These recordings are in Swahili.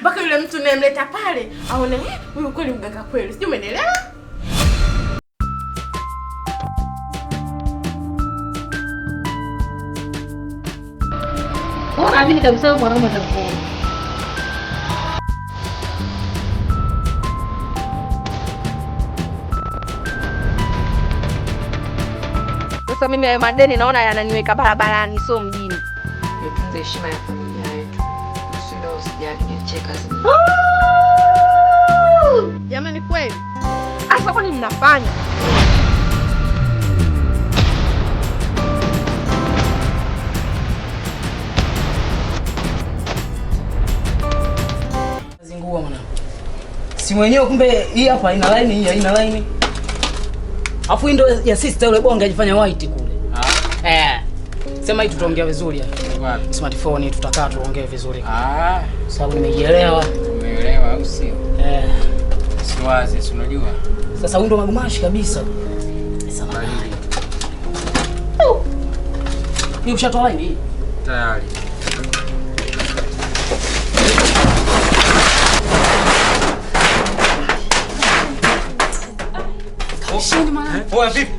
mpaka yule mtu nemleta pale aone eh, huyu kweli mganga kweli, sijui umenielewa? Naamini kabisa mwanaume atakuona. Sasa mimi hayo madeni naona yananiweka barabarani, sio mjini. Heshima ya familia Checkers. Jamani kweli. kwani mnafanya? Zingua mwana. Si mwenyewe kumbe hii hapa ina line hii haina line. Afu ya sister yule bonge ajifanya white kule. Ah. Eh. Sema hii tutaongea vizuri hapa. Wapi? Smartphone tutakaa tuongee vizuri. Ah, sababu nimejielewa. Umeelewa au sio? Eh. Si wazi, si unajua. Sasa huyu ndo magumashi kabisa. Samahani. Oh. Ni ushatoa nini? Tayari. Shindi mwanangu. Poa vipi?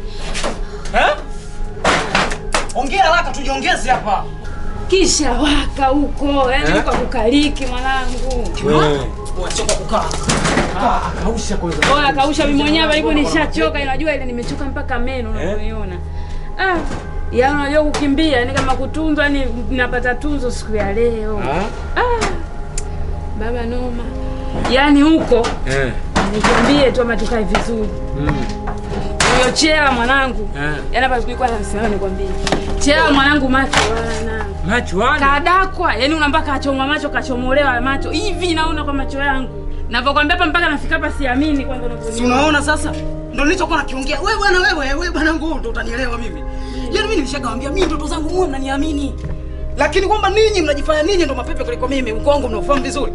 Eh? Ongea haraka tujiongeze hapa kisha waka huko, yani eh? kwa Kukariki mwanangu ah, akausha mimi mwenyewe nishachoka, unajua ile nimechoka mpaka meno unaiona eh? Ah, unajua kukimbia ni yaani kama kutunzwa, yani napata tunzo siku ya leo ah? Ah, baba noma yani huko eh. Nikimbie tu ama tukae vizuri mm. Chea mwanangu eh. Yaani hapa tulikuwa tunasimama nikwambie, chea mwanangu make wana macho ana kadakwa, yani una kachomwa macho, kachomolewa macho hivi, naona kwa macho yangu navyokwambia hapa, mpaka nafika hapa siamini. Kwanza unavyoniona, unaona sasa ndio nilichokuwa nakiongea. Wewe bwana, wewe wewe bwana wangu, ndio utanielewa mimi. Yaani mimi nimeshakwambia mimi ndoto zangu mwe mnaniamini, lakini kwamba ninyi mnajifanya ninyi ndio mapepe kuliko mimi. Mko wangu mnaofahamu vizuri,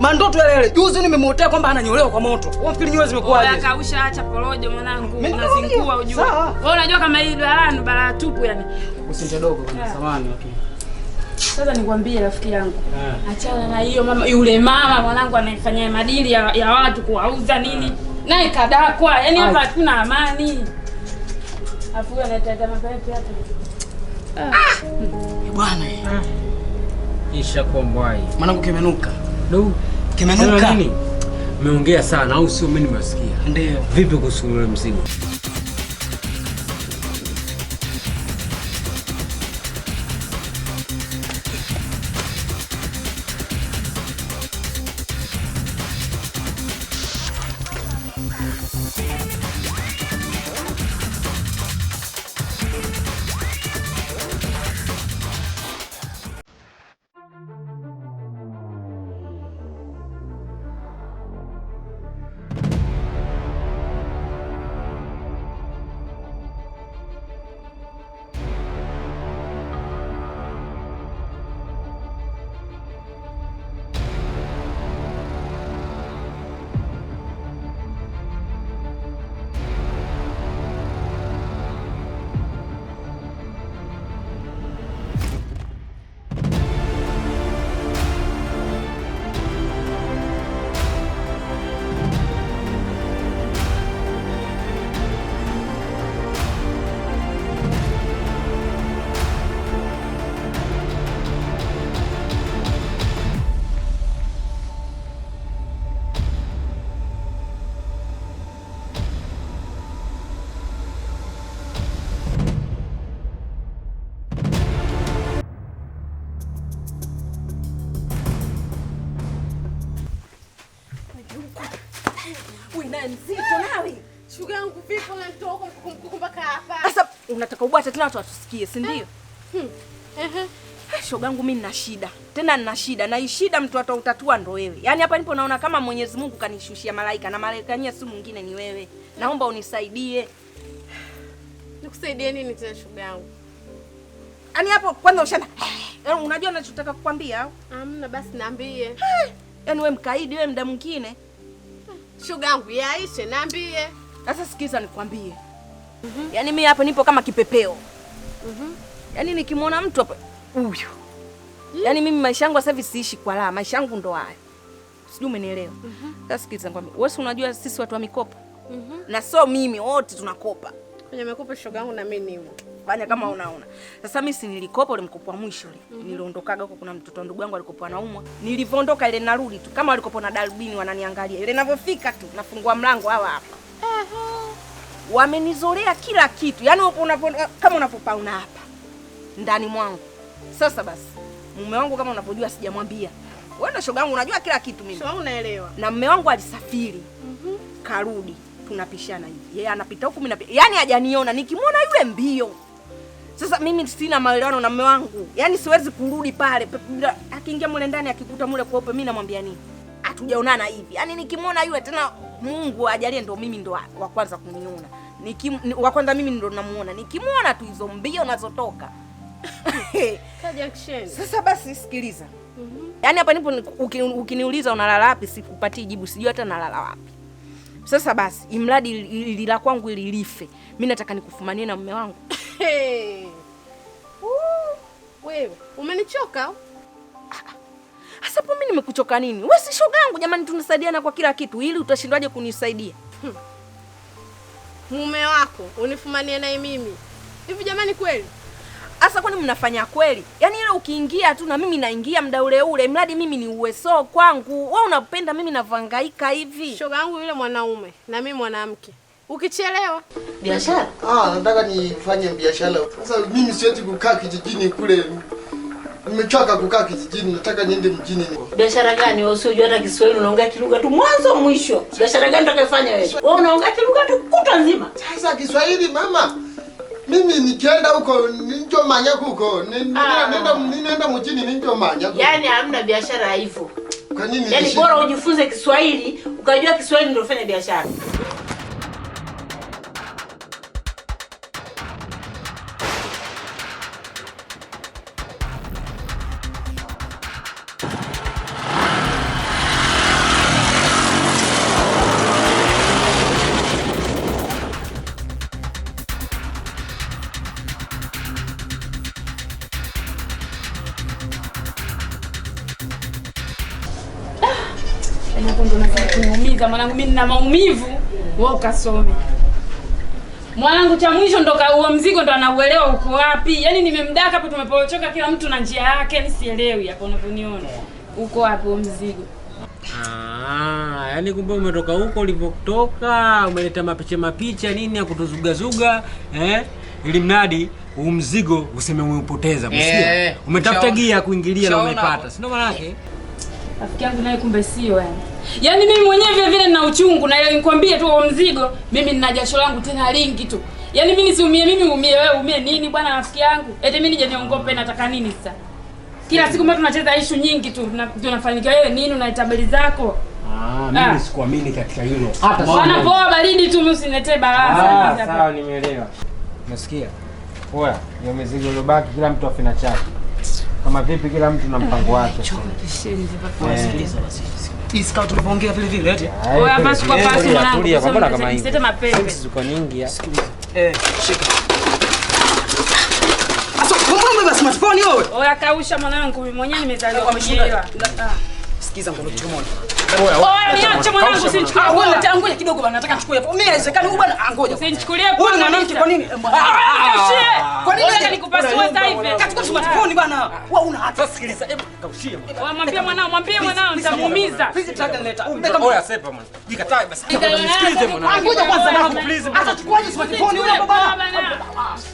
mandoto yale yale. Juzi nimemwotea kwamba ananyolewa kwa moto, wafikiri nyowe zimekuwaje? Wewe kausha, acha porojo mwanangu, unazingua ujue. Wewe unajua kama hii balaa ni balaa tupu, yani usindodogo kwa eh. samani. Okay. Sasa nikwambie rafiki yangu, ah. achana na hiyo mama, yule mama mwanangu anaifanyia madili ya, ya watu kuwauza nini, ah. naye kadakwa. Yaani hapa hatuna amani. Afu anataka mapenzi hapa. Ah, ah! bwana eh. Isha kombwai. Mwanangu kimenuka. Do. Kimenuka. nini? Meongea sana au sio? Mimi nimesikia. Ndio. Vipi kuhusu mzigo? unataka ubwata tena watu watusikie, si ndio? Eh. hmm. uh Shogangu, mimi nina shida tena, nina shida na hii shida, mtu atautatua ndo wewe. Yaani hapa nipo naona kama Mwenyezi Mungu kanishushia malaika na malaika yenyewe si mwingine, ni wewe. Naomba unisaidie. Nikusaidie nini tena shogangu? Ani hapo kwanza ushana, eh, unajua nachotaka kukwambia au hamna? Basi niambie. Eh, yaani wewe mkaidi, wewe mda mwingine shogangu, yaishe, niambie sasa. Sikiza nikwambie mm -hmm. Yaani mimi hapa nipo kama kipepeo mm -hmm. Yaani nikimwona mtu hapa huyu mm -hmm. Yaani mimi maisha yangu sasa hivi siishi kwa raha, maisha yangu ndo haya, sijui umenielewa? mm -hmm. Sasa sikiliza ngwambia, wewe unajua sisi watu wa mikopo mm -hmm. na sio mimi, wote tunakopa kwenye mikopo, shoga yangu na mimi nimo fanya kama mm -hmm. Unaona sasa, mimi si nilikopa ule mkopo wa mwisho ule mm -hmm. Niliondokaga huko, kuna mtoto ndugu yangu alikopa anaumwa, Nilivondoka ile narudi tu kama walikopa na darubini wananiangalia, ile inavyofika tu nafungua mlango hawa hapa wamenizolea kila kitu, yaani kama unavyopaona hapa ndani mwangu. Sasa basi, mume wangu kama unavyojua, sijamwambia wewe na shoga yangu, unajua kila kitu mimi. So, unaelewa. Na mume wangu alisafiri mm -hmm. Karudi tunapishana hivi, yeye anapita huku mimi napita, yaani hajaniona, nikimwona yule mbio. Sasa mimi sina maelewano na mume wangu, yaani siwezi kurudi pale. Akiingia mule ndani akikuta mule kweupe, mimi namwambia nini? Hatujaonana hivi, yaani nikimwona yule tena Mungu ajalie ndo mimi ndo wa kwanza kuniona nikim, wa kwanza mimi ndo namuona nikimwona tu hizo mbio nazotoka. sasa basi sikiliza. mm -hmm. Yaani hapa nipo ukiniuliza unalala wapi, sikupatii jibu, sijui hata nalala wapi. Sasa basi, imradi lila kwangu ili life, mi nataka nikufumanie na mume wangu. Wewe umenichoka. Hasa po mimi nimekuchoka nini? Wewe si shoga yangu jamani, tunasaidiana kwa kila kitu, ili utashindwaje kunisaidia? Hmm. Mume wako unifumanie naye mimi hivi jamani, kweli hasa, kwani mnafanya kweli? Yaani ile ukiingia tu na mimi naingia mda ule ule, mradi mimi ni uweso kwangu. Wewe unapenda mimi navangaika hivi. Shoga yangu yule mwanaume na mimi mwanamke Ukichelewa biashara, ah, nataka nifanye biashara sasa. Mimi siwezi kukaa kijijini kule nimechoka kukaa kijijini, nataka niende mjini. Biashara gani wewe Usijua hata Kiswahili, unaongea kilugha tu mwanzo mwisho? Biashara gani utakayofanya wewe? Wewe unaongea kilugha tu kutwa nzima. Sasa Kiswahili mama, mimi nikienda huko ninjo manya huko, nenda ah. nenda mjini ninjo manya. Yaani hamna biashara hivyo. Kwa nini? Yaani bora ujifunze Kiswahili, ukajua Kiswahili ndio ufanye biashara. mwanangu, mimi nina maumivu, wewe ukasome. Mwanangu cha mwisho ndo huo mzigo ndo anauelewa uko wapi. Yaani nimemdaka hapo, tumepochoka kila mtu na njia yake, ni sielewi hapo unavyoniona. Uko wapi huo mzigo? Ah, yani kumbe umetoka huko ulipotoka, umeleta mapicha mapicha nini ya kutuzugazuga eh? Ili mnadi huu mzigo useme umeupoteza, msikia? Eh, Umetafuta gia kuingilia na umepata. sio maana yake? Rafiki yangu naye kumbe sio yani. Yaani mimi mwenyewe vile vile nina uchungu na ile nikwambie tu mzigo, mimi nina jasho langu tena lingi tu. Yaani mimi siumie mimi umie wewe umie nini bwana rafiki yangu? Eti mimi nije niongope nataka nini sasa? Kila siku mbona tunacheza issue nyingi tu na tunafanikiwa wewe nini una tabeli zako? Ah, mimi ah. sikuamini katika hilo. Hata sana poa baridi tu mimi usiniletee balaa. Ah, sawa nimeelewa. Nasikia. Poa, hiyo mizigo iliyobaki kila mtu afina chake kama vipi, kila mtu na mpango wake. Tulivyoongea vile vile eti kwa nyingi mwanangu, mwenyewe nimezaliwa kujielewa. Sikiza ngono tumeona. Oya, oya, niache mwanangu usinichukulie. Ah, wewe utangoja kidogo bwana, nataka nichukue hapo. Mimi haiwezekani huyu bwana angoja. Usinichukulie hapo. Wewe mwanamke ah, ah, ah. kwa nini? Kaushie. Kwa nini unataka nikupasue sasa hivi? Katika chuma tuponi bwana. Wewe una hata sikiliza. Hebu kaushie. Wewe mwambie mwanao, mwambie mwanao nitamuumiza. Please taka nileta. Oya, sepa mwanangu. Jikatae basi. Sikilize mwanangu. Angoja kwanza mwanangu please. Acha chukua hiyo smartphone yule baba.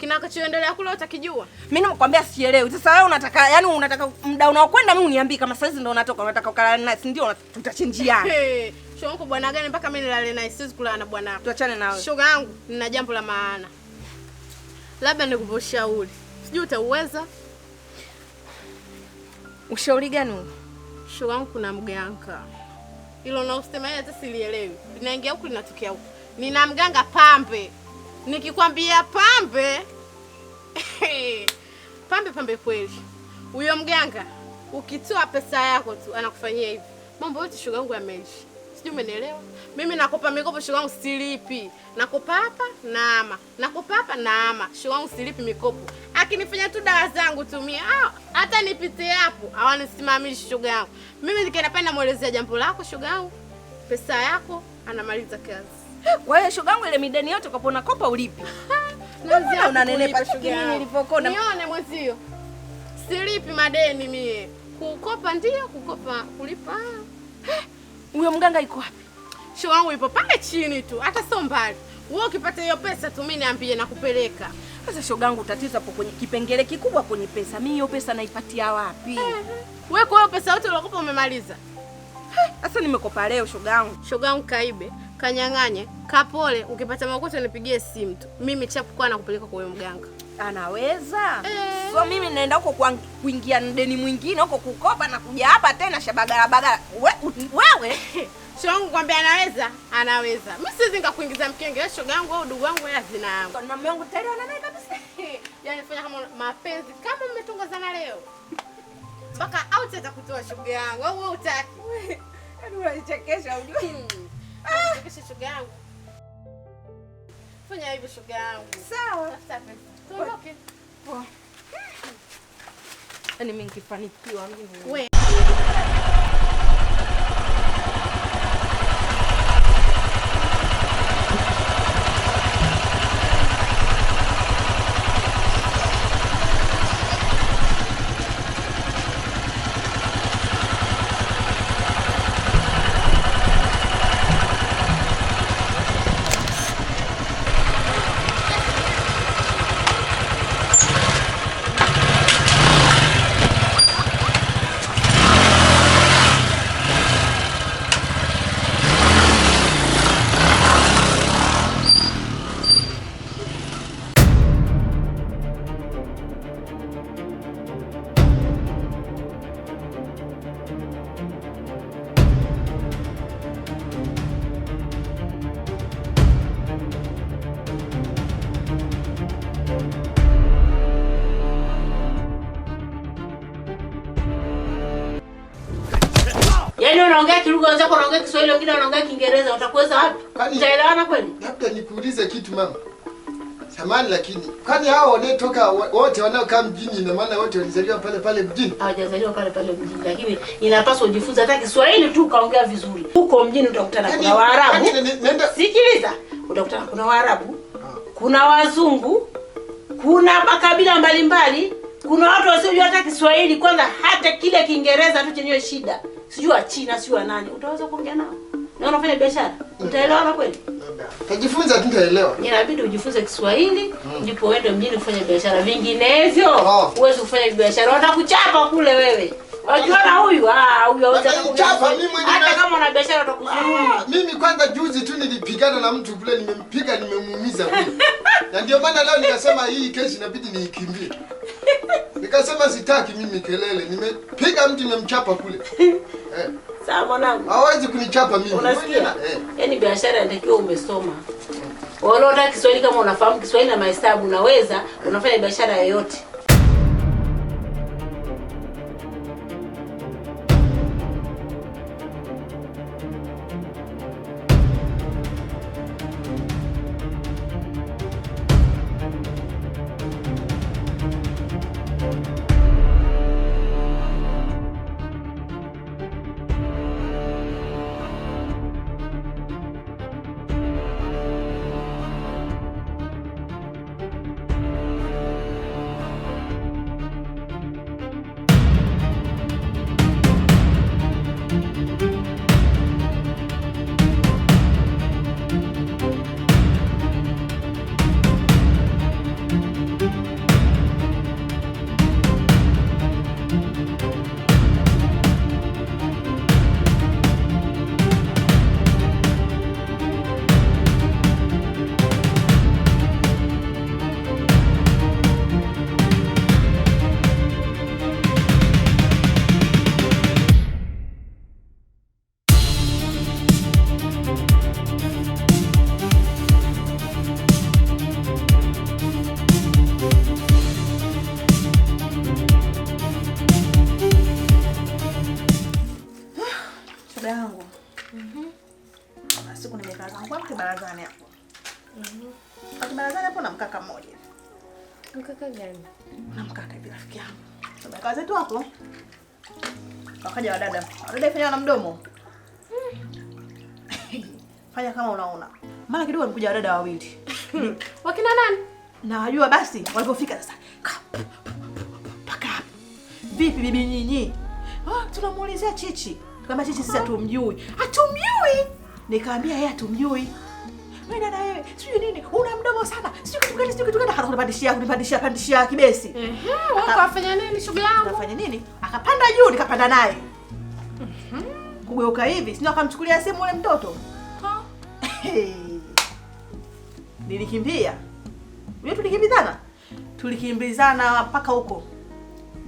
kinachoendelea kule utakijua. Mimi nakwambia sielewi. Sasa wewe unataka yani unataka muda unaokwenda mimi uniambie kama saizi ndio unatoka unataka ukalala naye si ndio tutachinjiana. Shonko bwana gani mpaka mimi nilale naye siwezi kulala na bwana. wangu. Tuachane na wewe. Shoga yangu nina jambo la maana. Labda nikukushauri. Sijui utauweza. Ushauri gani huo? Shoga yangu kuna mganga. Ilo na usitema yeye hata silielewi. Linaingia huku linatokea huku. Nina mganga pambe. Nikikwambia pambe pambe pambe kweli, huyo mganga ukitoa pesa yako tu anakufanyia hivi mambo yote. Shoga yangu yameisha. sijui umenielewa. Mimi nakopa mikopo shoga yangu, silipi. Nakopa hapa naama, nakopa hapa naama, shoga yangu, silipi mikopo. Akinifanya tu dawa zangu tumia, Ah, hata nipite hapo hawanisimamishi shoga yangu. Mimi nikaenda pale namwelezea jambo lako shoga yangu, pesa yako, anamaliza kazi. Wewe shoga yangu ile mideni yote kwa kopa ulipi? Nanzia unanenepa shughuli mimi nilipokona. Nione mwezio. Silipi madeni mie. Kukopa ndio kukopa kulipa. Huyo mganga yuko wapi? Shoga yangu ipo pale chini tu, hata sio mbali. Wewe ukipata hiyo pesa tu mimi niambie na kupeleka. Sasa shoga yangu tatizo hapo kwenye kipengele kikubwa kwenye pesa. Mimi hiyo pesa naipatia wapi? Eh, eh. Wewe kwa hiyo pesa yote ulokopa umemaliza. Sasa nimekopa leo shoga yangu. Shoga yangu kaibe kanyang'anye, kapole, ukipata makosa nipigie simu tu. Mimi chapuka na kupeleka kwa huyo mganga. Anaweza eee. Eh. So mimi naenda huko kuingia deni mwingine huko kukopa na kuja hapa tena shabagala bagala. We, wewe shongu kwambia anaweza, anaweza. Mimi siwezi nikakuingiza mkenge, shoga yangu au dugu wangu ya zina yangu. Kwa mama yangu tayari ananaye kabisa. Yaani fanya kama mapenzi kama mmetongozana leo. Mpaka au atakutoa kutoa shoga yangu au wewe utaki. Yaani unachekesha unajua. Hmm shoga yangu. Fanya hivyo shoga yangu. Sawa. Tuondoke. Poa. Yaani mimi nikifanikiwa mimi. Wewe. unaongea Kirugu, wenzako wanaongea Kiswahili, wengine wanaongea Kiingereza, utakuweza wapi? Utaelewana kweli? Labda nikuulize kitu mama. Samahani lakini kwani hao waliotoka wote wanaokaa mjini ina maana wote walizaliwa pale pale mjini? Hawajazaliwa pale pale mjini, lakini inapaswa ujifunze hata Kiswahili tu ukaongea vizuri. Huko mjini utakutana kuna yaani, Waarabu. Yaani, Sikiliza, utakutana kuna Waarabu, kuna Wazungu, kuna makabila mbalimbali, kuna watu wasiojua hata Kiswahili kwanza, hata kile Kiingereza tu chenyewe shida sijui wa China sijui wa nani, utaweza kuongea nao na unafanya biashara, utaelewana kweli? Tajifunza tu utaelewa. Inabidi ujifunze Kiswahili mm. ndipo mm, uende mjini kufanya biashara, vinginevyo oh. huwezi oh, kufanya biashara, watakuchapa kule wewe. Wakiona huyu ah, huyu hata kuchapa mimi mwenyewe. Hata kama una biashara utakuzuru. Ah, mimi kwanza juzi tu nilipigana na mtu kule, nimempiga nimemuumiza kule. Na ndio maana leo nikasema hii kesi inabidi niikimbie. Nikasema sitaki mimi kelele, nimepiga mtu nimemchapa kule eh. Sawa mwanangu, hawezi kunichapa mimi. Unasikia? Eh. Yaani biashara inatakiwa umesoma wanaotaka Kiswahili, kama unafahamu Kiswahili na mahesabu, unaweza unafanya biashara yoyote. Mkaka gani? Na mkaka hivi rafiki yangu. Tumekaa zetu hapo. Wakaja wadada. Wadada ifanya na mdomo. Fanya kama unaona. mara kidogo walikuja wadada wawili. Wakina nani? Na wajua basi walipofika sasa. Paka. Vipi bibi nyinyi? Oh, tunamuulizia Chichi. Kama Chichi sisi hatumjui. Hatumjui. Nikamwambia yeye hatumjui. Wewe dada wewe, sijui nini, una mdomo sana. Sijui kitu gani, sijui kitu gani akakunipandishia, kunipandishia pandishia kibesi. Ehe, wewe ukafanya nini shughuli yangu? Ukafanya nini? Akapanda juu nikapanda naye. Mhm. Kugeuka hivi, sio akamchukulia simu yule mtoto. Nilikimbia. Wewe tulikimbizana? Tulikimbizana mpaka huko.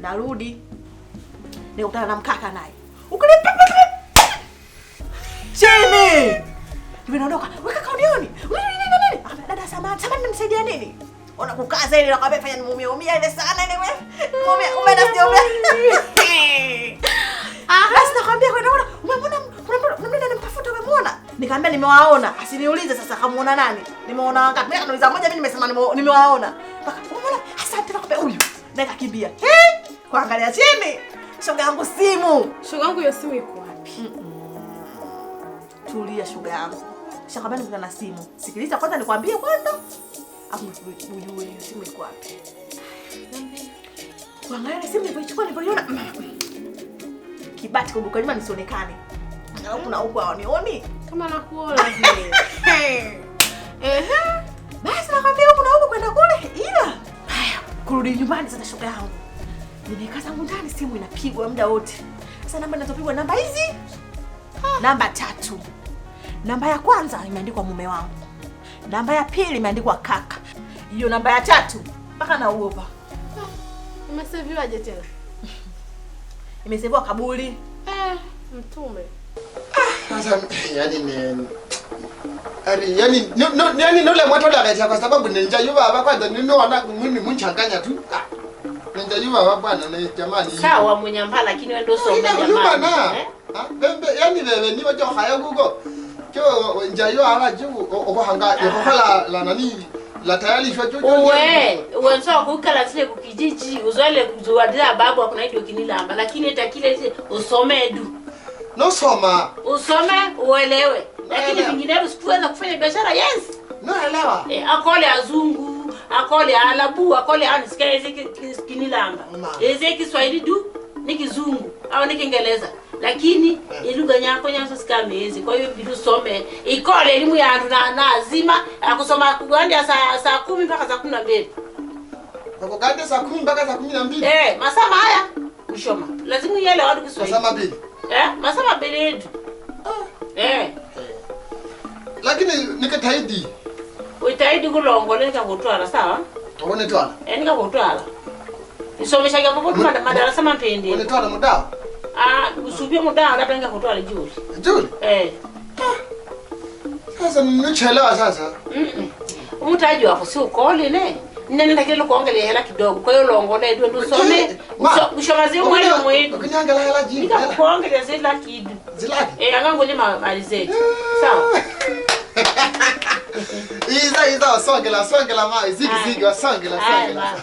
Narudi. Nikutana na mkaka naye. Ukinipiga chini. Nimeondoka. Weka samani. Samani nimsaidia nini? Ona kukaza ile nakwambia fanya nimeumia umia ile sana ile wewe. Umia umia na sio umia. Ah, basi nakwambia kwenda ona. Umemwona unamwona nimtafuta umemwona? Nikamwambia nimewaona. Asiniulize sasa kamuona nani? Nimeona wangapi? Mimi nauliza moja mimi nimesema nimewaona. Baka umemwona? Asante nakwambia huyu. Na kibia Hey! Kuangalia chini. Shoga yangu simu. Shoga yangu hiyo simu iko wapi? Tulia shoga yangu. Shakabani kuna na simu. Sikiliza kwanza nikwambie kwanza. Hapo ujue hiyo simu iko wapi. Kuangalia ile simu nilipoichukua yona. Kibati kumbuka nyuma nisionekane. Na huku na huku hawanioni. Kama nakuona vile. Ehe. Basi nakwambia huku na huku kwenda kule ila. Haya, kurudi nyumbani sasa shoga yangu. Nimekaa zangu ndani simu inapigwa muda wote. Sasa namba ninazopigwa namba hizi. Ah. Namba tatu. Namba ya kwanza imeandikwa mume wangu, namba ya pili imeandikwa kaka, hiyo namba ya tatu mpaka na naogopa. Imeseviwaje tena? Imeseviwa kaburi eh, mtume. Sasa yani ni ari yani no yani nole mwato da kati kwa sababu ninja yuba baba kwa ndio wana mimi munchanganya tu. Ninja yuba baba bwana na jamani. Sawa mwenyamba lakini wewe ndio sio mwenyamba. Eh? bembe yani wewe ni wajo hayo gugo cho njayo ala jo obohanga yokola e la nanili la tayari shwa chocho uwe uwe so kukala sile kukijiji uzoele kuzuwadira babu akuna ido kinilamba lakini hata kile usome edu no soma usome uelewe lakini vinginevyo sikuweza kufanya biashara yes no elewa e, akole azungu akole alabu akole anisikele ezeki kinilamba ezeki swahili du ni Kizungu au ni Kiingereza, lakini eh. ilugha nyako nyaso sikamezi. Kwa hiyo bidu some ikole elimu ya na lazima akusoma kugandi saa saa kumi mpaka saa kumi na mbili kugandi saa kumi mpaka saa kumi na mbili eh, masama haya kushoma lazima yele watu Kiswahili masama mbili eh, masama mbili ah. eh. eh, lakini nikataidi uitaidi kulongo nika kutwala sawa, uone twala eh, nika kutwala Nisomeshaga popote madarasa mapendele. Unatoa na mudao? Ah, usubiri mudao labda ninga kutoa juli. Juli? Eh. Ah. Sasa nimechelewa sasa. Mhm. Umtaji wako si ukoli ne? Nenda kile kuongelea hela kidogo. Kwa hiyo longolee ndio ndio some. Ushomazi mwalimu mwetu. Ukinyangala hela jini. Nika kuongelea zila kidu. Zila kidu. Eh, angangu ni malizeti. Eh. Sawa. Iza iza wasongela wasongela ma izigi ah. zigi wasongela wasongela.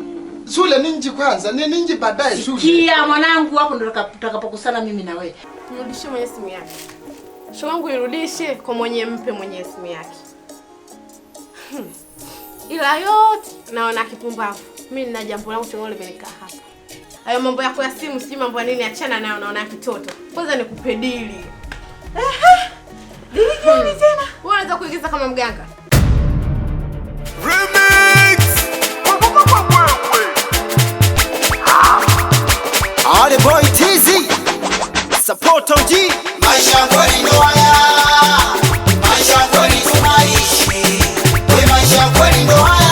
shule ninji kwanza ni ninji baadaye shule. Sikia mwanangu, hapo ndo tutakapokusana mimi na wewe. Mrudishie mwenye simu yake. Show wangu irudishe kwa mwenye mpe mwenye simu yake. Hmm. Ila yote naona kipumbavu. Mimi nina jambo langu tongole limekaa hapa. Hayo mambo yako ya simu sijui mambo ya nini, achana nayo, naona ya kitoto. Kwanza nikupedili. Dili gani hmm. tena? Wewe unaweza kuigiza kama mganga. Ali Boy TZ Support OG Maisha kweli ndo haya Maisha kweli tunaishi We maisha kweli ndo haya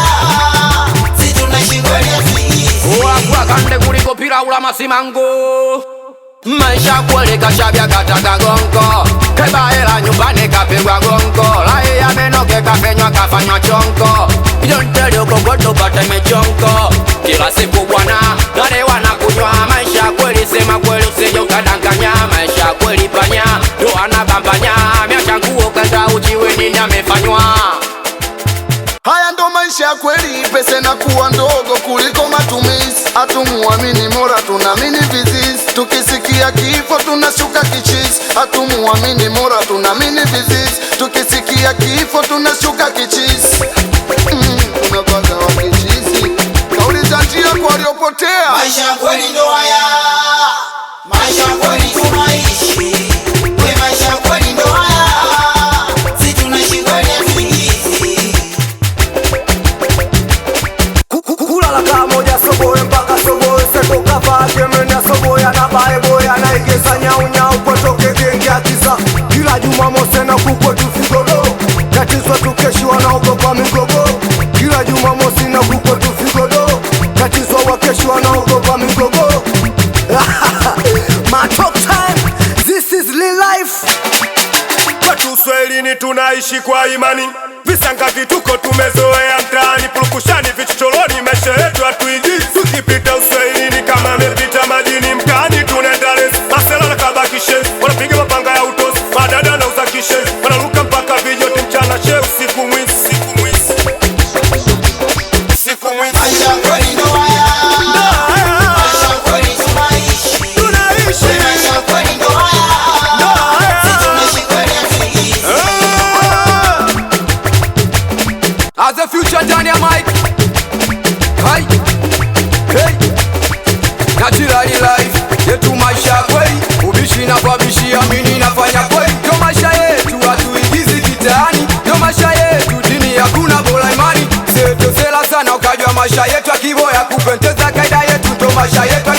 Si tunaishi kweli asiki Uwa kwa kande kuliko pira ula masimango Maisha kweli kashabia katakako kweli pesa inakuwa ndogo kuliko matumizi. Hatumuamini mora, tunaamini vizizi. Tukisikia kifo tunashuka kichizi. Hatumuamini mora, tunaamini vizizi. Tukisikia kifo tunashuka kichizi. Mm, unapata wakichizi kauli za njia kwa waliopotea maisha kweli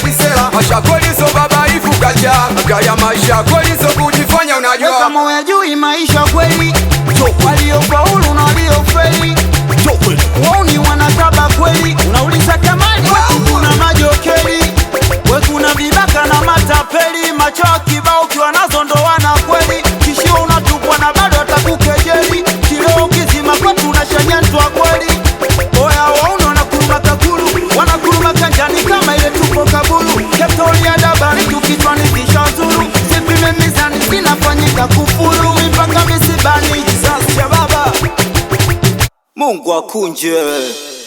kisela maisha kolizo babaifu kaja gaya maisha kolizo kujifanya unajua kama juu imaisha kweli waliofaulu na waliofeli wauni wanataba kweli unauliza kamani wetu kuna majokeli wekuna vibaka na matapeli macho ya ukiwa nazo ndo wana kweli kishio unatukwa na bado atakukejeli kileo kizima kwetu unashanyantwa kweli stori ya habari tukichwani kisha zuru siku imemizani zinafanyika kufuru mipaka misibani kizazi cha baba Mungu akunje